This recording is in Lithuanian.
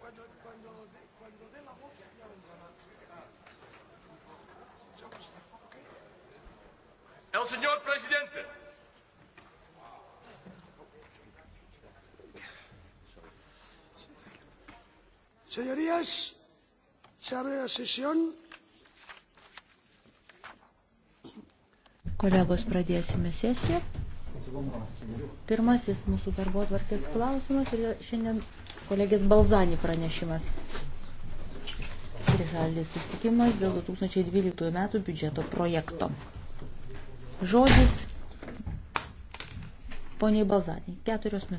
cuando, cuando, de, cuando dé la voz ya vendrá. Ya está, ¿ok? El señor presidente. Señorías, se abre la sesión. Kolegos, pradėsime sesiją. Pirmasis mūsų darbo atvarkės klausimas ir šiandien kolegės Balzani pranešimas. Trišalis susitikimas dėl 2012 metų biudžeto projekto. Žodis poniai Balzani. Keturios minutės.